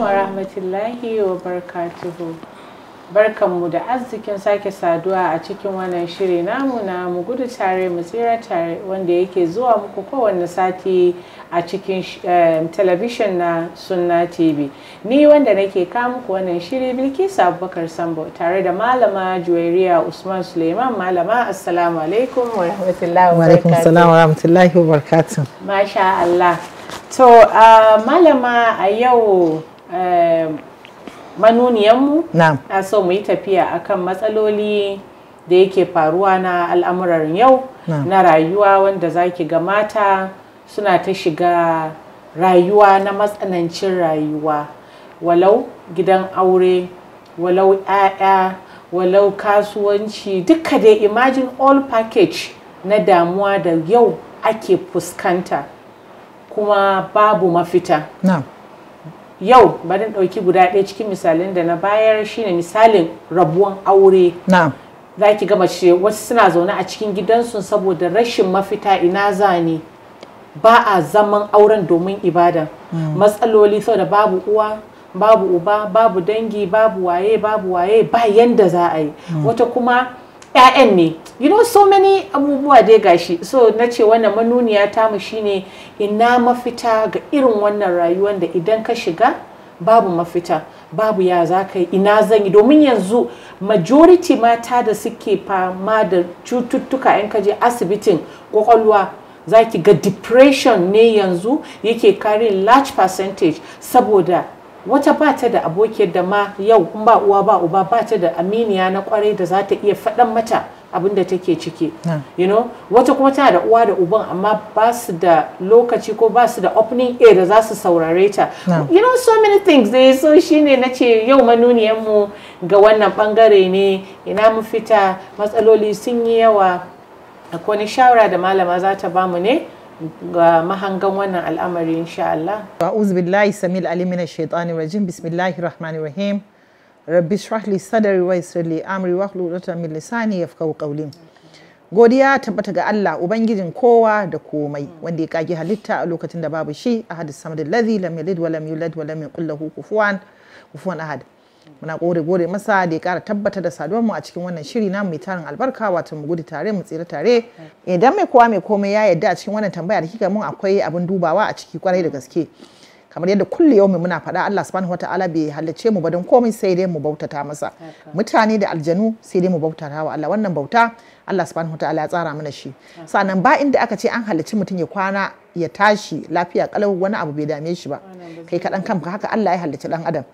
wa rahmatullahi wa barakatuhu barkanmu da arzikin sake saduwa a cikin wannan shiri namu na mu gudu tare mu tsira tare wanda yake zuwa muku kowanne sati a cikin eh, talabishin na sunna tv ni wanda nake kawo muku wannan shiri bilkisu abubakar sambo tare da malama juwairiya usman suleiman malama assalamu alaikum wa rahmatullahi wa wa rahmatullahi wa barakatuhu masha allah to ah, malama a yau manuniyanmu na so mu yi tafiya akan matsaloli da yake faruwa na al'amuran yau na rayuwa wanda za ki ga mata suna ta shiga rayuwa na matsanancin rayuwa walau gidan aure walau 'ya'ya walau kasuwanci duka dai imagine all package na damuwa da yau ake fuskanta kuma babu mafita. yau bari ɗauki guda ɗaya cikin misalin da na bayar shine misalin rabuwan aure za ki ga mace wasu suna zaune a cikin gidansu saboda rashin mafita ina zane ba a zaman auren domin ibada hmm. matsaloli saboda babu uwa babu uba babu dangi babu waye babu waye ba yanda za a yi hmm. wata kuma 'ya'yan ne you know so many abubuwa dai gashi so na ce wannan manuniya mu shine ina mafita ga irin wannan rayuwar da idan ka shiga babu mafita babu ya za ka yi ina zan yi domin yanzu majority mata da suke fama da cututtuka in kaje asibitin kwakwalwa za ki ga depression ne yanzu yake kare large percentage saboda wata ba ta da abokiyar da ma yau in ba uwa ba uba ba ta da aminiya na kwarai da za ta iya faɗan mata abin da take ciki you know wata kuma ta da uwa da uban amma ba su da lokaci ko ba su da opening air da za su saurare ta you know so many things dai so shine na ce yau manuniyan mu ga wannan bangare ne ina mu fita matsaloli sun yi yawa akwai shawara da malama za ta bamu ne ga mahangan wannan al'amari insha Allah. A'udhu billahi samil alim minash shaitani rajim bismillahir rahmanir rahim. Rabbi shrah li sadri wa yassir li amri wa hlul min lisani yafqahu qawli. Godiya tabbata ga Allah ubangijin kowa da komai wanda ya kage halitta a lokacin da babu shi ahad samad ladhi lam yalid wa lam yulad wa lam yakul lahu kufuwan kufuwan ahad. muna kore gore masa da ya kara tabbatar da saduwar mu a cikin wannan shiri na mai tarin albarka wato mu gudu tare mu tsira tare idan eh, mai kowa mai komai ya yadda a cikin wannan tambaya da kika mun akwai abin dubawa a ciki kwarai da gaske kamar yadda kulle yau muna faɗa Allah subhanahu wataala bai halarce mu ba don komai sai dai mu bautata masa mutane da aljanu sai dai mu bautata wa Allah wannan bauta Allah subhanahu wataala ya tsara mana shi sannan ba inda aka ce an halarci mutum ya kwana ya tashi lafiya kalau wani abu bai dame shi ba kai kaɗan kanka haka Allah ya halarci ɗan adam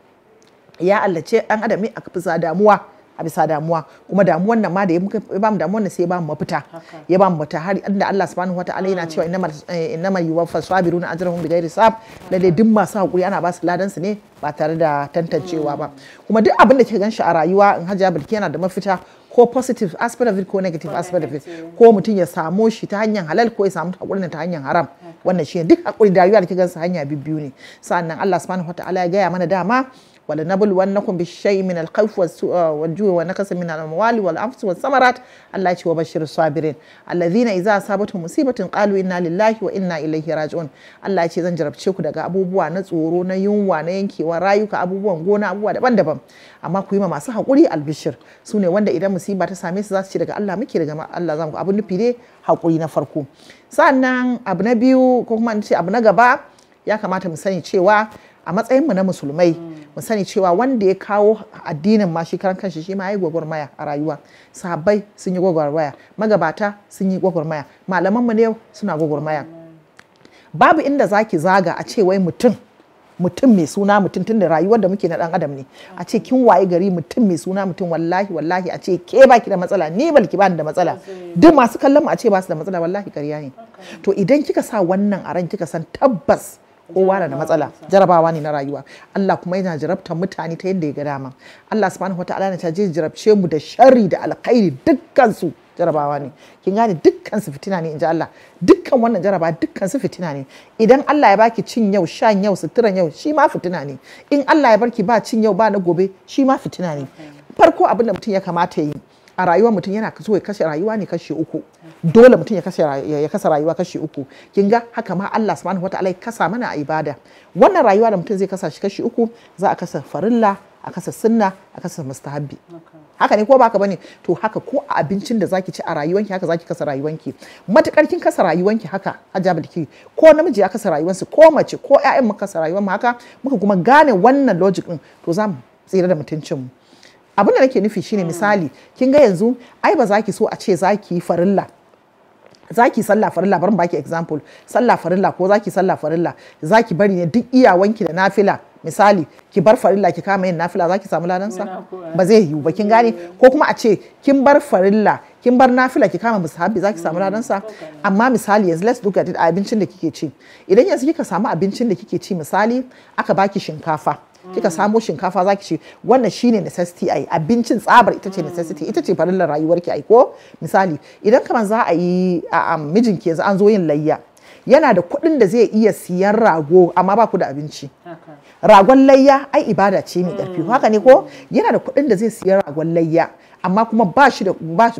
ya allace dan adam a bisa damuwa a bisa damuwa kuma damuwan nan ma da ya ba mu damuwan nan sai ya ba mu mafita ya ba mu mafita har inda Allah subhanahu wataala yana cewa innamal eh, innamal yuwaffa sabiruna ajrahum bighairi hisab lalle duk masu hakuri ana ba su ladan su ne ba tare da tantancewa ba kuma duk abin da ke ganshi a rayuwa in Hajiya Bilki yana da mafita ko positive aspect of it ko negative aspect of it ko mutum ya samo shi ta hanyar halal ko ya samu hakurin ta hanyar haram wannan shi duk hakuri da rayuwa da ke su hanya biyu ne sannan Allah subhanahu wataala ya gaya mana dama min alamwali wal anfus was samarat Allah ya ce wa bashir sabirin alladhina idza الذين اذا qalu inna lillahi wa inna وانا raji'un Allah ya ce zan jarabce ku daga abubuwa na tsoro na yunwa na yankewa rayuka abubuwan gona abubuwa daban-daban amma ku yi ma masu haƙuri albishir su ne wanda idan musiba ta same su za su ci daga Allah muke daga Allah zan ku abu nufi ne hakuri na farko sannan abu na biyu ko kuma in ce abu na gaba ya kamata mu sani cewa a matsayinmu na musulmai mu sani cewa wanda ya kawo addinin ma shi karan kanshi shi ma yayi gwagwarmaya a rayuwa sahabbai sun yi gwagwarmaya magabata sun yi gwagwarmaya malaman mu ne suna gwagwarmaya babu inda zaki zaga a ce wai mutum mutum mai suna mutum tun da rayuwar da muke na dan adam ne a ce kin waye gari mutum mai suna mutum wallahi wallahi a ce ke baki da matsala ni balki bani da matsala duk masu kallon mu a ce ba su da matsala wallahi ƙarya ne to idan kika sa wannan a ran kika san tabbas kowa na da matsala jarabawa ne na rayuwa Allah kuma yana jarabta mutane ta yadda ya ga dama Allah subhanahu wataala ne ta je jarabce mu da sharri da alkhairi dukkan jarabawa ne kin gane dukkan su fitina ne inji Allah dukkan wannan jaraba dukkan su fitina ne idan Allah ya baki cin yau shan yau suturan yau shi ma fitina ne in Allah ya barki ba cin yau ba na gobe shi ma fitina ne farko abin da mutum ya kamata ya yi a rayuwa mutum yana so ya kashe rayuwa ne kashe uku dole mutum ya kashe kasa rayuwa kashe uku kin ga haka ma Allah subhanahu wataala ya kasa mana a ibada wannan rayuwa da mutum zai kasa shi kashe uku za a kasa farilla a kasa sunna a kasa mustahabbi haka ne ko baka bane to haka ko a abincin da zaki ci a rayuwanki haka zaki kasa rayuwanki matukar kin kasa rayuwanki haka hajjabi dake ko namiji ya kasa rayuwansa ko mace ko ƴaƴan mu kasa rayuwan mu haka muka kuma gane wannan logic din to za mu tsira da mutuncin mu abin da nake nufi shine misali kin ga yanzu ai ba za ki so a ce za ki yi farilla za ki sallah farilla bari baki example sallah farilla ko za ki sallah farilla za ki bari ne duk iyawanki da nafila misali ki bar farilla ki kama yin nafila za ki samu sa eh. ba zai yiwu ba kin gane eh. ko kuma a ce kin bar farilla kin bar nafila ki kama musahabi za ki samu mm, sa amma misali yanzu let's look at it abincin da kike ci idan yanzu kika samu abincin da kike ci misali aka baki shinkafa kika samo shinkafa zaki ce wannan shine necessity ai abincin tsabar ita ce necessity ita ce farillar rayuwarki ai ko misali idan kamar za a yi a mijin ke an zo yin layya yana da kuɗin da zai iya siyan rago amma ba ku da abinci ragon layya ai ibada ce mai ƙarfi mm. haka ne ko yana da kuɗin da zai siyan ragon layya amma kuma ba shi da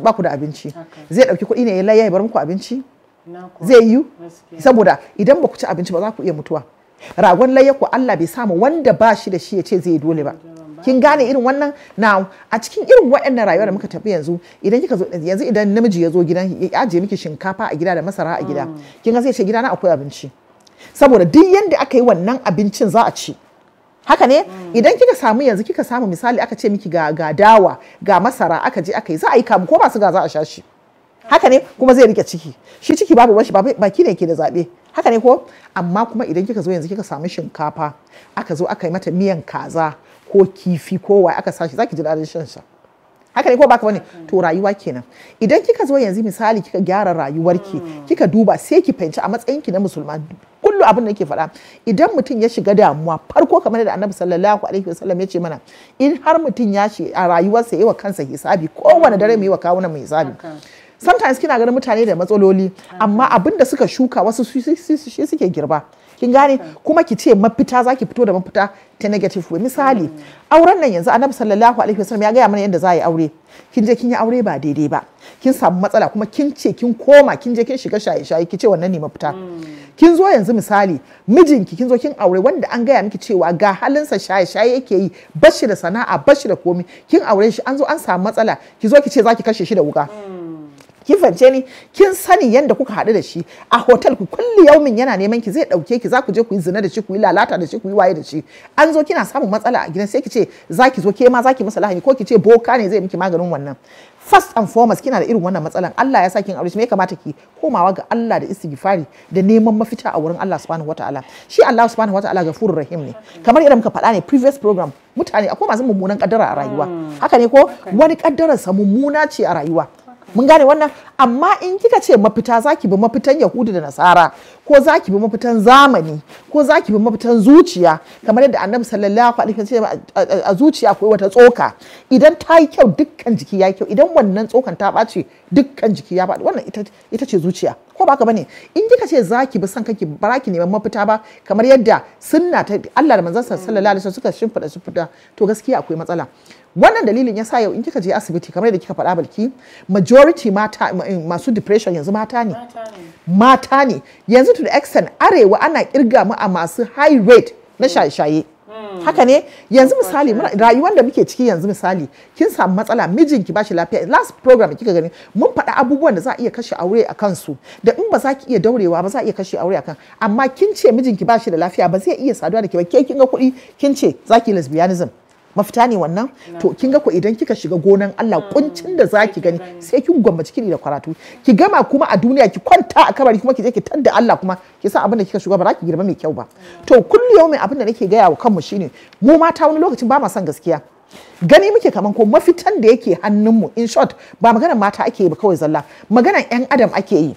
ba ku da abinci zai ɗauki kuɗi ne ya layya ya bar muku abinci zai yi saboda idan ba ku ci abinci ba za ku iya mutuwa ragon layya Allah bai samu wanda ba shi da shi ya ce zai dole ba kin gane irin wannan na a cikin irin waɗannan rayuwa da muka tafi yanzu idan kika zo yanzu idan namiji ya zo gidan ya ajiye miki shinkafa a gida da masara a gida mm. kin ga zai ce gida na akwai abinci saboda duk yanda aka yi wannan abincin za a ci haka ne mm. idan kika samu yanzu kika samu misali aka ce miki ga dawa ga masara aka je aka yi za a yi kamu ko ba su ga za a sha shi haka ne kuma zai rike ciki shi ciki babu bashi baki ne ke da zaɓe haka ne ko amma kuma idan kika zo yanzu kika samu shinkafa aka zo aka yi mata miyan kaza ko kifi ko wai aka sashi zaki ji daɗin shan sa haka ne ko baka bane to rayuwa kenan idan kika zo yanzu misali kika gyara rayuwarki kika duba sai ki fahimci a matsayinki na musulma kullu abin da yake faɗa idan mutum ya shiga damuwa farko kamar da annabi sallallahu alaihi wasallam ya ce mana in har mutum ya shi a rayuwarsa yi wa kansa hisabi kowane dare mu yi wa kawunan mu hisabi sometimes kina ganin mutane da matsaloli amma abin da suka shuka wasu shi suke girba kin gane kuma ki ce mafita zaki fito da mafita ta negative way misali auren nan yanzu annabi sallallahu alaihi wasallam ya gaya mana yadda za a yi aure kin je kin yi aure ba daidai ba kin samu matsala kuma kin ce kin koma kin je kin shiga shaye shaye ki ce wannan ne mafita kin zo yanzu misali mijinki kin zo kin aure wanda an gaya miki cewa ga halinsa shaye shaye yake yi bashi da sana'a bashi da komi kin aure shi an zo an samu matsala ki zo ki ce zaki kashe shi da wuka ki fance ni kin sani yadda kuka haɗu da shi a hotel ku kulli yaumin yana neman ki zai ɗauke ki za ku je ku yi zina da shi ku yi lalata da shi ku yi waye da shi an zo kina samun matsala a gidan sai ki ce za ki zo ke ma za ki masa lahani ko ki ce boka ne zai miki maganin wannan first and foremost kina da irin wannan matsalan Allah ya sa kin aure shi me ya kamata ki komawa ga Allah da istighfari da neman mafita a wurin Allah subhanahu wataala shi Allah subhanahu wataala gafurur rahim ne kamar irin muka faɗa ne previous program mutane akwai masu mummunan kaddara a rayuwa hmm. haka ne ko wani sa mummuna ce a rayuwa mun gane wannan amma in kika ce mafita zaki bi mafitan yahudu da nasara ko za ki bi mafitan zamani ko za ki bi mafitan zuciya kamar yadda annabi sallallahu alaihi wasallam a zuciya akwai wata tsoka idan ta yi kyau dukkan jiki ya yi kyau idan wannan tsokan ta ɓace dukkan jiki ya bace wannan ita ce zuciya ko ba ka bane in kika ce za ki bi son ki, ba ki neman mafita ba kamar yadda sunna ta Allah da manzon sallallahu alaihi wasallam suka shimfida shimfida to gaskiya akwai matsala wannan dalilin ya sa yau in kika je asibiti kamar yadda kika faɗa balki majority mata masu depression yanzu mata ne mata ne yanzu to the extent arewa ana kirga mu a masu high rate na hmm. shaye-shaye hmm. haka ne yanzu misali rayuwar da muke ciki yanzu misali kin samu matsala mijinki bashi lafiya last program kika gani mun faɗa abubuwan da za a iya kashe aure a kansu da in ba za ki iya daurewa ba za a iya kashe aure a kan amma kin ce mijinki ba shi da lafiya ba zai iya saduwa da ke ba ke kin ga kuɗi kin ce za ki lesbianism mafita ne wannan to kin ga ku idan kika shiga gonan Allah kuncin da zaki gani sai kin gwammaci cikin da karatu ki gama kuma a duniya ki kwanta a kabari kuma ki je ki tanda Allah kuma ki san abin da kika shiga ba za ki girma mai kyau ba to yau mai abin da nake gaya wa kanmu shine mu mata wani lokacin ba ma son gaskiya gani muke kaman ko mafitan da yake hannunmu in short ba maganar mata ake yi ba kawai zalla maganar 'yan adam ake yi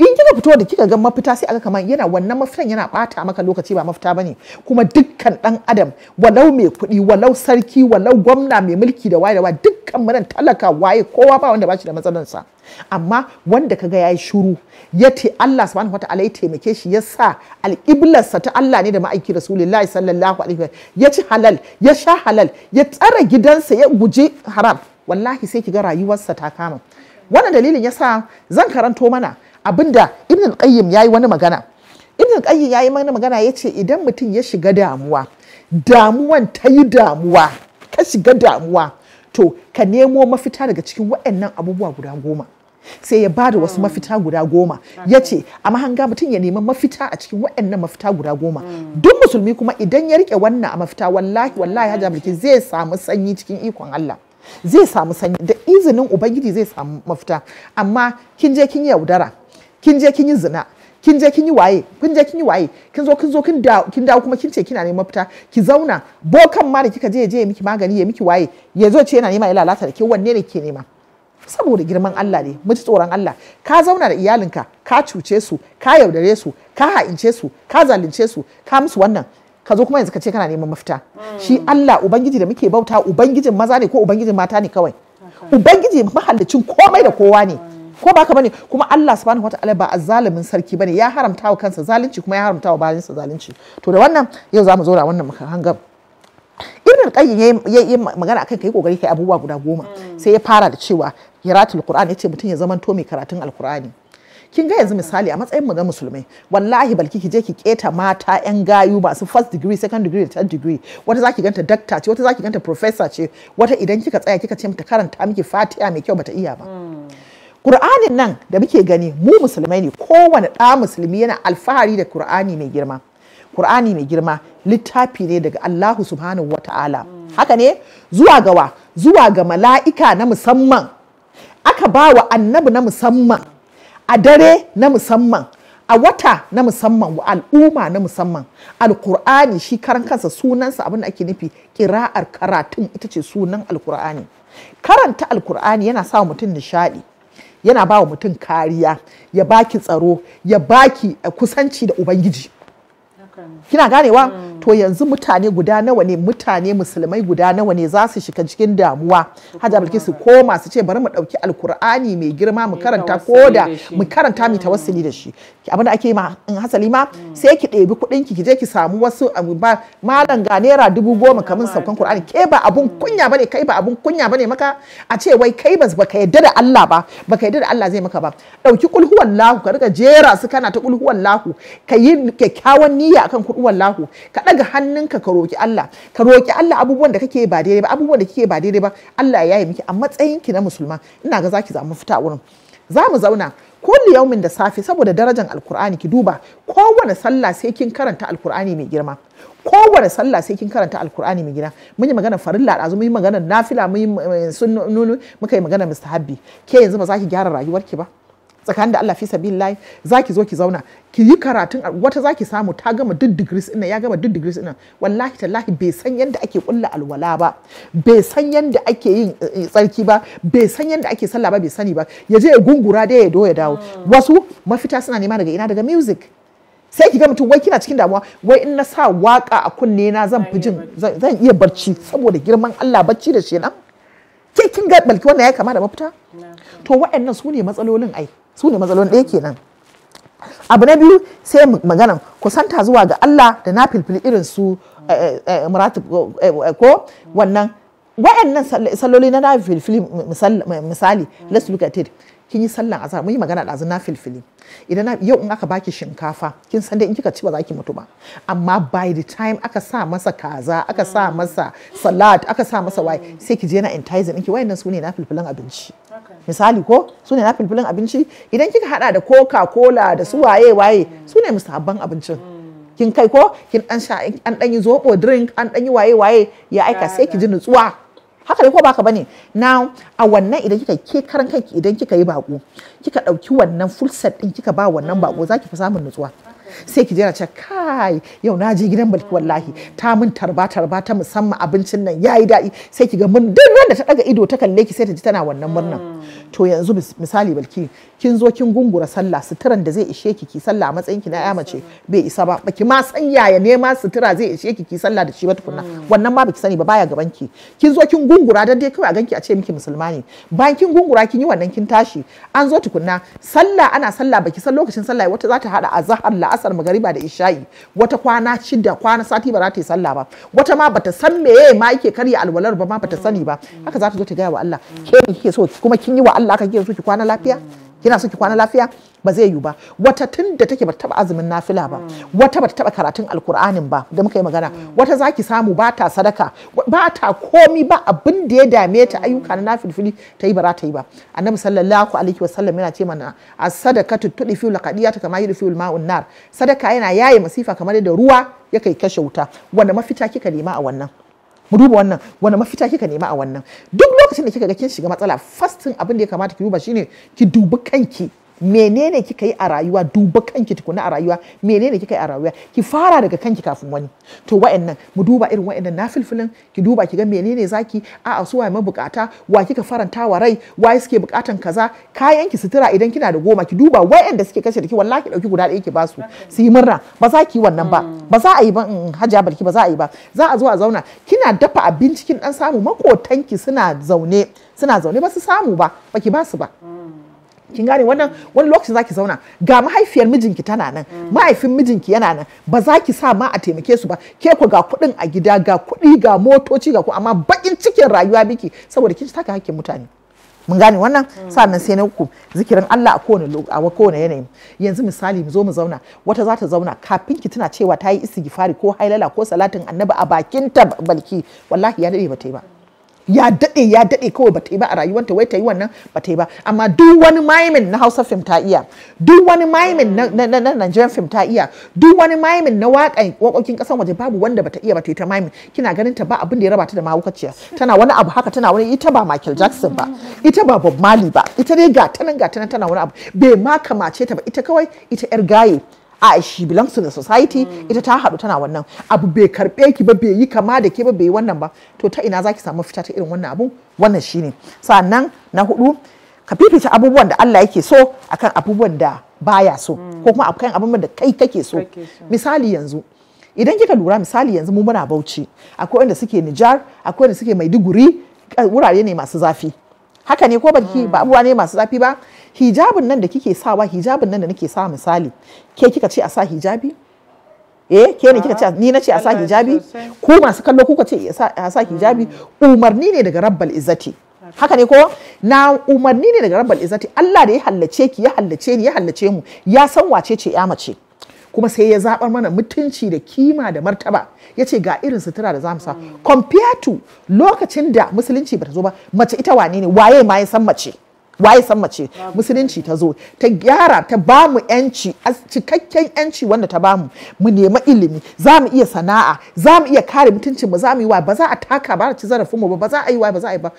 in kika fito da kika ga mafita sai aka kamar yana wannan mafitan yana bata maka lokaci ba mafita bane kuma dukkan dan adam walau mai kuɗi walau sarki walau gwamna mai mulki da waye da waye dukkan mu talaka waye kowa ba wanda ba shi da matsalar sa amma wanda kaga yayi shiru ya ce Allah subhanahu wataala ya taimake shi ya sa alƙiblarsa ta Allah ne da ma'aiki Rasulullahi sallallahu alaihi wa ya ci halal ya sha halal ya tsara gidansa ya guji haram wallahi sai kiga rayuwarsa ta kama wannan dalilin yasa zan karanto mana abinda ibn qayyim yayi wani magana ibn qayyim yayi wani magana yace idan mutum ya shiga damuwa damuwan ta yi damuwa ka shiga damuwa to ka nemo mafita daga cikin waɗannan abubuwa guda goma sai ya bada wasu hmm. mafita guda goma ya ce a mahanga mutum ya nemi mafita a cikin waɗannan mafita guda goma hmm. duk musulmi kuma idan ya rike wannan a mafita wallahi wallahi hajji abulki zai samu sanyi cikin ikon Allah zai samu sanyi da izinin ubangiji zai samu mafita amma kin je kin yaudara kin je kin yi zina kin je kin yi waye kin je kin yi waye kin zo kin zo kin dawo kin dawo kuma kin ce kina neman fita, ki zauna bokan ma da kika je je miki magani ya miki waye ya zo ce yana nema ya lalata da ke wanne ne ke nema saboda girman Allah ne mu ji tsoron Allah ka zauna da iyalinka ka cuce su ka yaudare su ka ha'ince su ka zalunce su ka musu wannan ka zo kuma yanzu ka ce kana neman mafita shi hmm. Allah ubangiji da muke bauta ubangijin maza ne ko ubangijin mata ne kawai ubangiji mahallicin komai da kowa ne hmm. ko ba ka bane kuma Allah subhanahu wataala ba azzalimin sarki bane ya haramta wa kansa zalunci kuma ya haramta wa bayansa zalunci to da wannan yau zamu zo da wannan hanga ibn al-qayyim yayi magana akan kai kokari kai abubuwa guda goma mm. sai ya fara da cewa qira'atul qur'an yace mutum ya zamanto mai karatun al-qur'ani kin ga yanzu misali a matsayin mu na musulmai wallahi balki ki je ki keta mata yan gayu masu first degree second degree third degree wata zaki ganta doctor ce wata zaki ganta professor ce wata idan kika tsaya kika ce mata karanta miki fatiha mai kyau bata iya ba mm. kur'anin nan da muke gani mu musulmai ne kowane ɗa musulmi yana alfahari da kur'ani mai girma. Ƙur'ani mai girma littafi ne daga Allahu subhanahu wa ta'ala. Haka ne zuwa gawa zuwa ga mala'ika na musamman aka ba wa annabi na musamman a dare na musamman a wata na musamman wa al'umma na musamman alkur'ani shi karan kansa sunansa abin da ake nufi kira'ar karatun ita ce sunan alkur'ani karanta alkur'ani yana sa mutum nishaɗi yana ba wa mutum kariya ya baki tsaro ya baki eh, kusanci da ubangiji kina ganewa mm. to yanzu mutane guda nawa ne mutane musulmai guda nawa ne za su shiga cikin damuwa hajja bilkisu ko masu ce bari mu dauki alkur'ani mai girma mu karanta ko da mu karanta mu tawassuli da shi abin da ake ma in hasali ma sai ki ɗebi kuɗin ki je ki samu wasu malam ga naira dubu goma kamin saukan kur'ani ke ba abun kunya bane kai ba abun kunya bane maka a ce wai kai ba baka yadda da Allah ba baka yadda da Allah zai maka ba dauki kulhuwan lahu ka riga jera su kana ta kulhuwan lahu ka yi kyakkyawan niyya akan kulhuwan lahu ka daga hannunka ka roki Allah ka roki Allah abubuwan da kake ba daidai ba abubuwan da kike ba daidai ba Allah ya yi miki a matsayin ki na musulma ina ga zaki zamu fita wurin za mu zauna kulli yaumin da safe saboda darajar alkur'ani ki duba kowane sallah sai kin karanta alkur'ani mai girma kowane sallah sai kin karanta alkur'ani mai gida mun yi magana farilla da mun yi magana nafila mun yi sunnunu muka yi magana mustahabbi ke yanzu ba zaki ki gyara rayuwarki ba tsakanin da Allah fi sabilillahi zaki zo ki zauna ki yi karatun wata zaki samu ta gama duk degrees ina ya gama duk degrees ina wallahi tallahi bai san yadda ake kulla alwala ba bai san yadda ake yin eh, eh, tsarki ba bai san yadda ake sallah ba bai sani ba ya je ya gungura da ya doya ya dawo ah. wasu mafita suna nema daga ina daga music sai ki ga mutum wai kina cikin damuwa wai in na sa waka a kunne na zan fi jin zan iya barci saboda girman Allah barci da shi nan ke kin ga balki wannan ya kama da mafita to waɗannan su ne matsalolin ai su ne matsalolin ɗaya kenan abu na biyu sai magana kusanta zuwa ga Allah da na filfili irin su eh, eh, eh, ko wannan wa'annan salloli na na filfili misali let's look kin yi sallan azhar mun yi magana da azhar na filfili idan yau in aka baki shinkafa kin san dai in kika ci ba za ki mutu ba amma by the time aka sa masa kaza aka sa mm. masa salad aka sa masa wai sai ki je na entertainment ki wayannan sune na filfilan abinci misali ko sune na filfilan abinci idan kika hada da coca cola da su mm. waye waye sune musabban abincin mm. kin kai ko kin dan sha an dan yi zobo drink an dan yi waye waye ya aika sai ki ji nutsuwa haka ne ko baka bane na a wannan idan kika ke karan kanki idan kika yi bako kika dauki wannan fulsat din kika ba wannan bako zaki fi samun nutsuwa sai ki jira ce kai yau na je gidan balki wallahi ta mun tarba tarba ta musamman abincin nan yayi daɗi sai ki ga mun duk da ta daga ido ta kalle ki sai ta ji tana wannan murnan to yanzu misali balki kin zo kin gungura sallah suturan da zai ishe ki ki sallah a matsayin ki na ya mace bai isa ba baki ma san yaya ne ma sutura zai ishe ki ki sallah da shi ba tukunna mm. wannan ma baki sani ba baya gaban ki kin zo kin gungura dan dai kawai a ganki a ce miki musulma ne bayan kin gungura kin yi wannan kin tashi an zo tukunna sallah ana sallah baki san lokacin sallah wata za ta hada azhar la'asar magariba da isha'i wata kwana shida kwana sati ba za ta yi sallah ba wata ma bata san meye ma yake karya alwalar ba ma bata sani ba mm. haka za ta zo ta gaya wa Allah ke kike so kuma kin kin yi wa Allah aka so ki kwana lafiya kina so ki kwana lafiya ba zai yiwu ba wata tun da take bata taba azumin nafila ba wata bata taba karatun alkur'anin ba da muka yi magana wata zaki samu ba ta sadaka ba ta komi ba abin da ya dame ta ayyuka na nafilfili ta yi ba za ta yi ba annabi sallallahu alaihi sallam yana ce mana as-sadakatu tudfi laqadiyata kama yudfi al-ma'un nar sadaka yana yaye masifa kamar da ruwa ya kai kashe wuta wanda mafita kika nema a wannan mu duba wannan wani mafita kika nema a wannan duk lokacin da kika ga kin shiga matsala fastin abin da ya kamata ki duba shine ki dubi kanki menene kika yi a rayuwa duba kanki tukuna a rayuwa menene kika yi a rayuwa ki fara daga kanki kafin wani to wa'annan mu duba irin wa'annan nafilfilin ki duba ki ga menene zaki a a suwa mabukata wa kika faranta wa rai wa suke bukatan kaza kayan ki sutura idan kina da goma ki duba wa'anda suke kashe da ki wallahi dauki guda ɗaya ki ba su su yi murna ba za ki wannan ba mm. ba za a yi ba mm, hajja balki ba za a yi ba za a zo a zauna kina dafa abinci kin dan samu makotanki suna zaune suna zaune ba su samu ba baki ba su ba mm. kin gane wannan wani lokacin zaki zauna ga mahaifiyar mijinki tana nan mahaifin mijinki yana nan ba za ki sa ma a taimake su ba ke ku ga kuɗin a gida ga kuɗi ga motoci ga ku amma bakin cikin rayuwa biki saboda kin taka hakkin mutane mun gane wannan sannan sai na uku zikirin Allah a kowane a kowane yanayi yanzu misali mu zo mu zauna wata za ta zauna kafin ki tana cewa ta yi istighfari ko hailala ko salatin annabi a bakin ta balki wallahi ya dade ba ta yi ba ya daɗe ya daɗe kawai ba ta yi ba a rayuwanta wai ta yi wannan ba ta yi ba amma duk wani maimin na hausa fim ta iya duk wani maimin na, nigerian fim ta iya duk wani maimin na waƙan waƙoƙin ƙasan waje babu wanda ba ta iya ba ta yi ta maimin kina ganin ta ba abin da ya raba ta da mahaukaciya tana wani abu haka tana wani ita ba michael jackson ba ita ba bob marley ba ita dai gata nan nan tana wani abu bai ma kamace ta ba ita kawai ita yar gaye a she belongs to the society ita ta hadu tana wannan abu bai karbe ki ba bai yi kama da ke ba bai wannan ba to ta ina zaki samu fita ta irin wannan abu wannan shine sannan na hudu ka fifita abubuwan da Allah yake so akan abubuwan da baya so ko kuma akan abubuwan da kai kake so misali yanzu idan kika lura misali yanzu mu muna Bauchi akwai wanda suke Nijar akwai wanda suke Maiduguri eh, wurare ne masu zafi haka ne ko baki ba abubuwa ne masu zafi ba hijabin nan da kike sawa hijabin nan da nake sa misali ke kika ce a sa hijabi eh ke ne kika ce ni nace a sa hijabi ku masu kallo kuka ce a sa mm. hijabi umarni ne daga rabbal izzati haka ne ko na umarni ne daga rabbal izzati Allah da ya hallace ki ya hallace ni ya hallace mu ya san wace ce ya mace kuma sai ya zabar mana mutunci da kima da martaba ya ce ga irin sutura da zamu sa mm. compare to lokacin da musulunci bata zo ba mace ita wane ne waye ma ya san mace waye san mace musulunci ta zo ta gyara ta bamu yanci cikakken yanci wanda ta bamu mu nema ilimi za mu iya sana'a za mu iya kare mutuncin mu za mu yi wa ba za a taka ba ci zarafin mu ba za a yi wa ba za a yi ba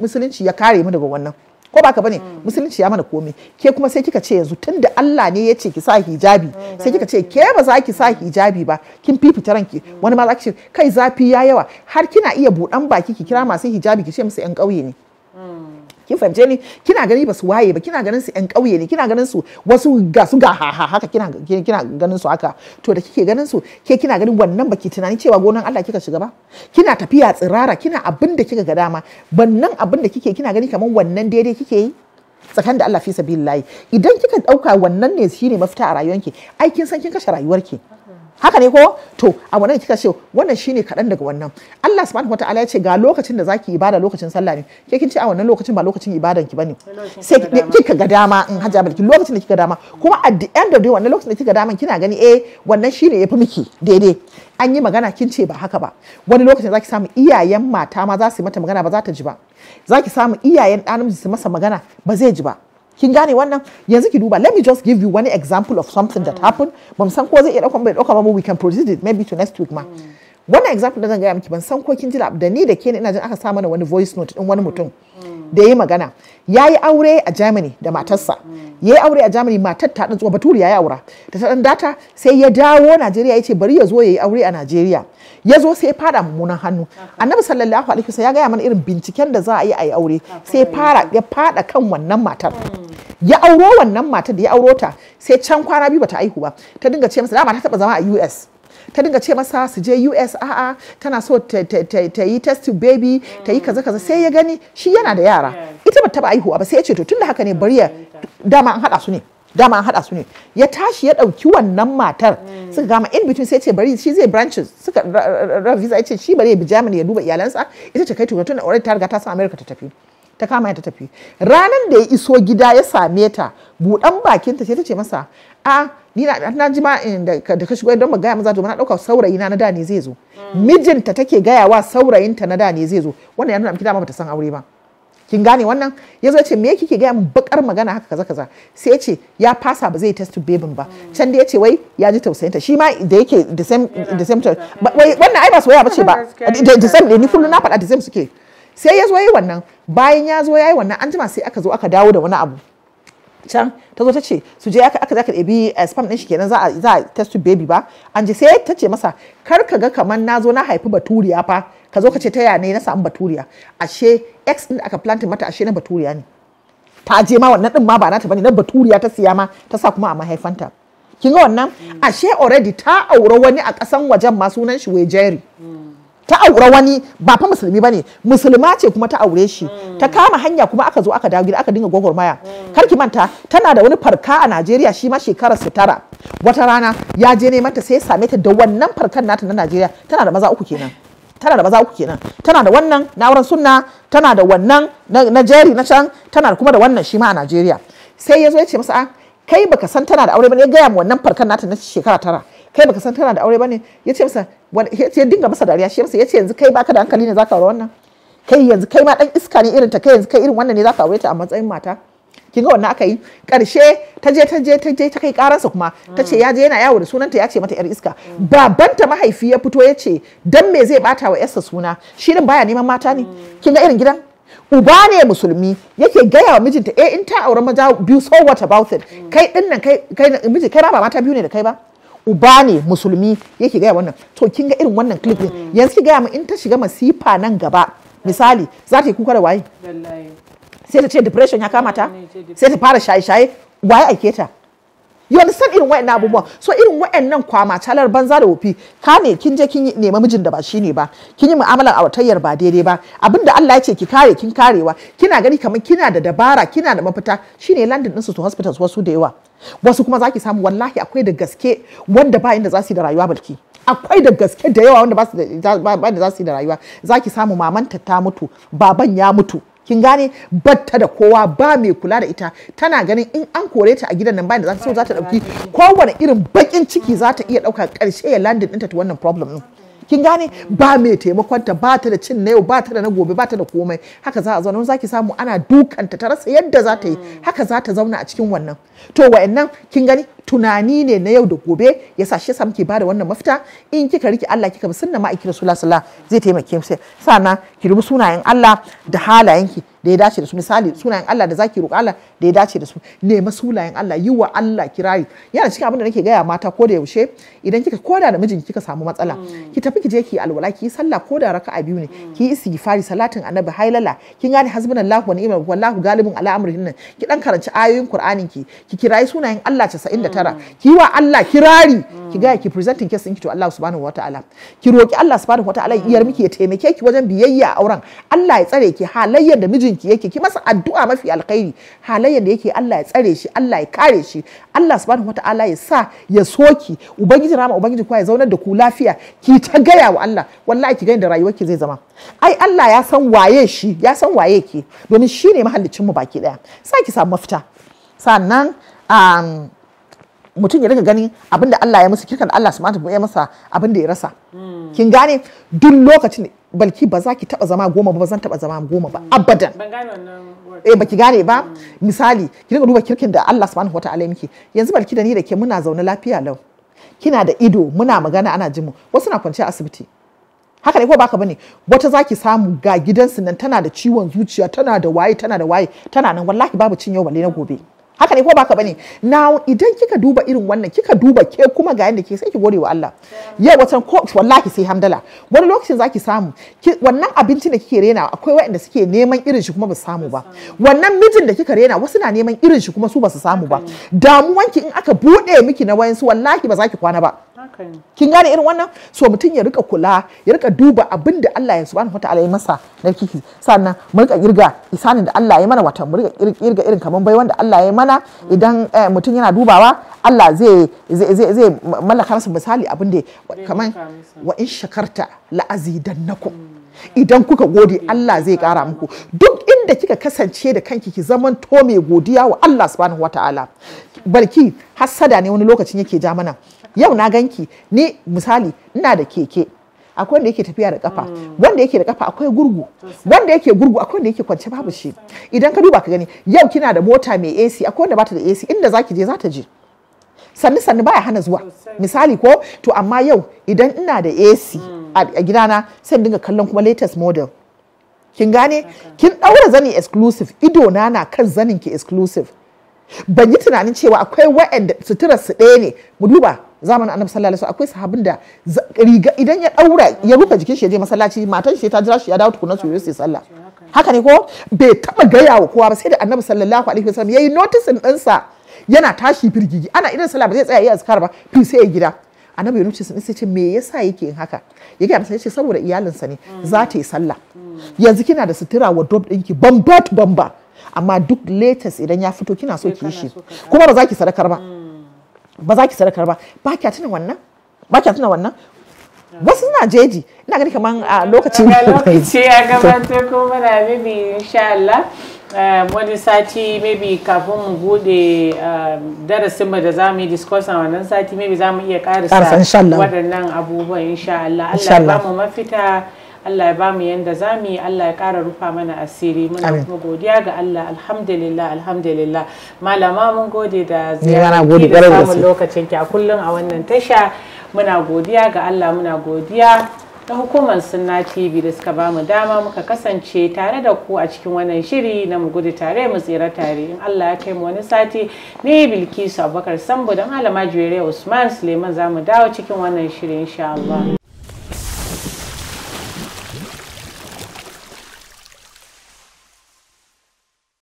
musulunci ya kare mu daga wannan ko baka bane mm. musulunci ya mana komai ke kuma sai kika ce yanzu tunda Allah ne ya ce ki sa hijabi mm, sai kika ce ke ba za ki sa mm. hijabi ba kin fifita ranki wani ma za ki ce kai zafi ya yawa har kina iya buɗan baki ki kira masu hijabi ki ce musu yan ƙauye ne kin fahimce ni kina gani ba su waye ba kina ganin su yan ƙauye ne kina ganin su wasu ga su ga ha ha haka kina kina ganin su haka to da kike ganin su ke kina ganin wannan baki tunani cewa gonan Allah kika shiga ba kina tafiya tsirara kina abin da kika ga dama bannan abin da kike kina gani kamar wannan daidai kike yi tsakan da Allah fi sabilillahi idan kika dauka wannan ne shine mafita a rayuwarki ai kin san kin kashe rayuwarki haka ne ko to a wannan kika ce wannan shine kaɗan daga wannan Allah subhanahu wataala ya ce ga lokacin da zaki ibada lokacin sallah ne ke kin ce a wannan lokacin ba lokacin ibadan ki bane sai kika ga dama in hajja barki lokacin da kika dama kuma at the end of the day wannan lokacin da kika dama kina gani eh wannan shine yafi miki daidai an yi magana kin ce ba haka ba wani lokacin zaki samu iyayen mata ma za su yi mata magana ba za ta ji ba zaki samu iyayen ɗan su masa magana ba zai ji ba kin gane wannan yanzu ki duba let me just give you one example of something that happened ban san ko zai iya dauka bai dauka ba we can proceed it maybe to next week ma wannan example da zan gaya miki ban san ko kin ji da ni da ke ina jin aka sa mana wani voice note din wani mutum da ya yi magana yayi aure a germany da matarsa yayi yi aure a germany matar ta dan zuwa baturi ya yi aura ta dan data sai ya dawo najeriya ya ce bari ya zo ya yi aure a najeriya ya zo sai ya fara mummunan hannu annabi sallallahu alaihi wasallam ya gaya mana irin binciken da za a yi a yi aure sai ya fara ya fada kan wannan matar hmm. ya auro wannan matar da ya auro ta sai can kwana biyu bata aihu ba ta dinga ce masa dama ta taba zama a US ta dinga ce masa su je US a'a tana so ta yi test baby ta yi kaza kaza sai ya gani shi yana da yara ita bata taba aihuwa ba sai ya ce to tunda haka ne bari ya dama an hada su ne dama an haɗa su ne ya tashi ya ɗauki wannan matar suka gama in between sai ce bari shi zai branches suka visa ya ce shi bari ya bi Germany ya duba iyalansa ita ce kai tuka tun already ta riga ta san America ta tafi ta kama ta tafi ranan da ya iso gida ya same ta buɗan bakinta sai ta ce masa a ni na na ji ma eh, da ka shigo don ba gaya maza to na ɗauka saurayi na na da ne zai zo mm. mijinta take gaya wa saurayinta na da ne zai zo wannan ya nuna miki dama bata san aure ba kin gane wannan ya zo ce me yake ke gaya min bakar magana haka kaza kaza sai ya ce ya fasa ba zai test babin ba can da ya ce wai ya ji tausayin ta shi ma da yake the same the same wai wannan ai ba soyayya bace ba the same ni kullun na faɗa the same suke sai ya zo yayi wannan bayan ya zo yayi wannan an jima sai aka zo aka dawo da wani abu can ta zo ta ce su je aka aka ɗabi eh, spam ɗin shi kenan za a za a test baby ba an je sai ta ce masa kar ka ga kamar na zo na haifi baturiya fa ka zo ka ce ta ya ne na samu baturiya ashe X din aka plantin mata ashe na baturiya ne ta je ma wannan din ma ba nata bane na baturiya ta siya ma ta sa kuma a mahaifanta kin ga wannan mm. ashe already ta aura wani a kasan wajen ma sunan shi wejeri mm. ta aura wani ba fa musulmi bane musulma ce kuma ta aure shi mm. ta kama hanya kuma aka zo aka dawo gida aka dinga gwagwarmaya kar ki manta tana da wani farka a Najeriya shi ma shekarar su tara wata rana ya je neman ta sai ya same ta da wannan farkan nata na Najeriya tana da maza uku kenan tana da maza uku kenan tana da wannan na auren sunna tana da wannan na jeri na can tana da kuma da wannan shi ma a Najeriya sai ya zo ya ce masa a kai baka san tana da aure bane ya gaya mu wannan farkan nata na shekara tara kai baka san tana da aure bane ya ce masa ya dinga masa dariya shi masa ya ce yanzu kai baka da hankali ne zaka aure wannan kai yanzu kai ma dan iska ne irin ta kai yanzu kai irin wannan ne zaka aure ta a matsayin mata kin ga wannan aka yi karshe ta je ta je ta je ta kai karansa kuma ta ce ya je yana yawo da sunanta ya ce mata yar iska babanta mahaifi ya fito ya ce dan me zai bata wa yarsa suna shi din baya neman mata ne kin ga irin gidan uba ne musulmi yake gaya wa mijinta eh in ta aure maza biyu so what about it kai din nan kai kai miji kai ba mata biyu ne da kai ba uba ne musulmi yake gaya wannan to kin ga irin wannan clip din yanzu ki gaya mu in ta shiga masifa nan gaba misali za ta yi kuka da waye sai ta ce depression ya kama ta sai ta fara shaye-shaye waye aike ta you understand irin na abubuwa so irin wa'annan kwama calar banza da wofi ka ne kin je kin nema mijin da ba shine ba kin yi mu'amalar auratayyar ba daidai ba abinda Allah ya ce ki kare kin karewa kina gani kamar kina da dabara kina da mafita shine landin din su to hospitals wasu da yawa wasu kuma zaki samu wallahi akwai da gaske wanda ba inda za yi da rayuwa balki akwai da gaske da yawa wanda ba da za su yi da rayuwa zaki samu mamanta ta mutu baban ya mutu kin gane batta da kowa ba mai kula da ita tana ganin in an kore ta a gidan nan bayan da za ta so za ta dauki kowane irin bakin ciki za ta iya dauka karshe ya landin ɗinta ta wannan problem din kin gane ba mai ta ba ta da cin na yau ba ta da na gobe ba ta da komai haka za a zauna wani zaki samu ana dukanta ta rasa yadda za ta yi haka za ta zauna a cikin wannan to wa'annan kin gani tunani ne na yau da gobe ya sa shi yasa muke bada wannan mafita in kika riki Allah kika bi sunna ma'aikin rasulullahi sallallahu zai taimake mu sana ki rubu sunayen Allah da halayenki da ya dace da su misali sunayen Allah da zaki roƙa Allah da ya dace da su nema sunayen Allah yi wa Allah kirari yana cikin abin da nake gaya mata ko da yaushe idan kika koda da mijinki kika samu matsala ki tafi ki je ki alwala ki sallah ko da raka'a biyu ne ki istighfari salatin annabi hailala kin gane hasbunallahu wa ni'mal wallahu galibun ala amrihin nan ki dan karanci ayoyin qur'anin ki ki kirayi sunayen Allah 99 mm. ki wa Allah kirari mm. ki ga ki presenting case ɗinki to Allah subhanahu wataala ki roki Allah subhanahu wataala iyar miki ya taimake ki wajen biyayya a auren Allah ya tsare ki halayyar da mijinki yake ki masa addu'a mafi alkhairi halayyar da yake Allah ya tsare shi Allah ya kare shi Allah subhanahu wataala ya sa ya soki ubangiji rama ubangiji kuwa ya zaunar da ku lafiya ki ta gaya wa Allah wallahi ki ga da rayuwarki zai zama ai Allah ya san waye shi ya san waye ke domin shi ne mahallicin mu baki daya sai ki samu mafita sannan um, mutum ya rika ganin abin da Allah ya musu kirkan Allah subhanahu ya masa abin da ya rasa kin gane duk lokacin balki ba za ki taba zama goma ba zan taba zama goma ba abadan eh baki gane ba misali ki rika duba kirkin da Allah subhanahu wataala ya miki yanzu balki da ni da ke muna zaune lafiya lau kina da ido muna magana ana jin mu wasu na kwanciya asibiti haka ne ko baka bane wata zaki samu ga gidansu nan tana da ciwon zuciya tana da waye tana da waye tana nan wallahi babu cin yau balle na gobe haka ne ko baka bane now idan kika duba irin wannan kika duba ke kuma ga yanda ke sai ki gode wa Allah yau watan ko wallahi sai hamdala wani lokacin zaki samu wannan abincin da kike rena akwai waɗanda suke neman irin shi kuma ba samu ba wannan mijin da kika rena wasu na neman irin shi kuma su ba su samu ba damuwanki in aka bude miki na wayansu wallahi ba za ki kwana ba kin gane irin wannan so mutum ya rika kula ya rika duba abin da Allah ya subhanahu wataala ya masa na kiki sannan mu rika kirga isanin da Allah ya mana wata mu rika kirga irin kaman bai wanda Allah ya mana idan eh, mutum yana dubawa Allah zai zai zai mallaka masa misali abin da kaman wa in shakarta la azidannakum mm. idan kuka gode Allah zai kara muku duk inda kika kasance da kanki ki zaman to mai godiya wa Allah subhanahu wataala barki hassada ne wani lokacin yake ja mana yau na ganki ni misali ina da keke akwai wanda yake tafiya da kafa wanda yake da kafa akwai gurgu wanda yake gurgu akwai wanda yake kwance babu shi idan ka duba ka gani yau kina da mota mai AC akwai wanda bata da AC inda zaki je zata je sannu sannu baya hana zuwa misali ko to amma yau idan ina da AC a gidana sai dinga kallon kuma latest model kin gane kin daura zani exclusive ido na na kan zanin ki exclusive ban yi tunanin cewa akwai wa'anda sutura su ɗaya ne mu duba zamanin annabi sallallahu alaihi akwai sahabin da riga idan ya daura ya rufe jikin shi ya je masallaci matan shi ta jira shi ya dawo tukunan su yi sallah haka ne ko bai taba gaya wa kowa ba sai da annabi sallallahu alaihi wasallam yayi noticing ɗinsa yana tashi firgigi ana irin sallah ba zai tsaya yi azkar ba fi sai ya gida annabi yunus sun sai ce me yasa yake yin haka ya gaya sai ce saboda iyalinsa ne za ta yi sallah yanzu kina da sutura wa dob ɗinki bamba bamba amma duk latest idan ya fito kina so ki shi kuma ba za ki sadakar ba hmm. ba za ki sadakar ba ba kya tuna wannan ba kya tuna wannan hmm. wasu suna jeji ina gani kamar a lokacin lokaci ya gabatar ko mana bibi insha Allah Eh, wani sati maybe kafin mu bude eh, darasin mu da za mu yi discuss a wannan sati maybe za mu iya karisa waɗannan abubuwan insha Allah Allah ya ba mu mafita Allah ya ba mu yanda za mu yi Allah ya ƙara rufa mana asiri muna kuma godiya ga Allah alhamdulillah alhamdulillah malama mun gode da ziyara da samun lokacin ki a kullum a wannan tasha muna godiya ga Allah muna godiya da hukumar sunna tv da suka bamu dama muka kasance tare da ku a cikin wannan shiri na mu gudu tare mu tsira tare in allah ya kai mu wani sati ne bilkisu abubakar sambo da malama jere usman suleiman za mu dawo cikin wannan shiri insha allah